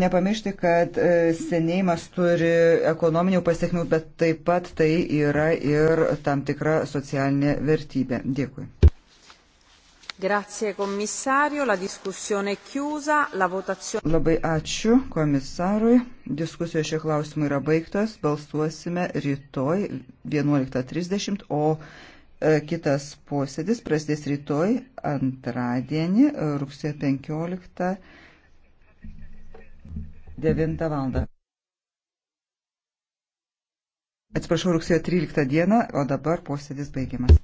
Nepamiršti, kad e, senėjimas turi ekonominių pasiekmių, bet taip pat tai yra ir tam tikra socialinė vertybė. Dėkui. Grazie komisario, la discussione chiusa, la votazione. Labai ačiū komisarui. Diskusijos šie klausimai yra baigtas. Balsuosime rytoj 11.30, o e, kitas posėdis prasidės rytoj antradienį, rugsėjo 15. 9 val. Atsiprašau, rugsėjo 13 dieną, o dabar posėdis baigiamas.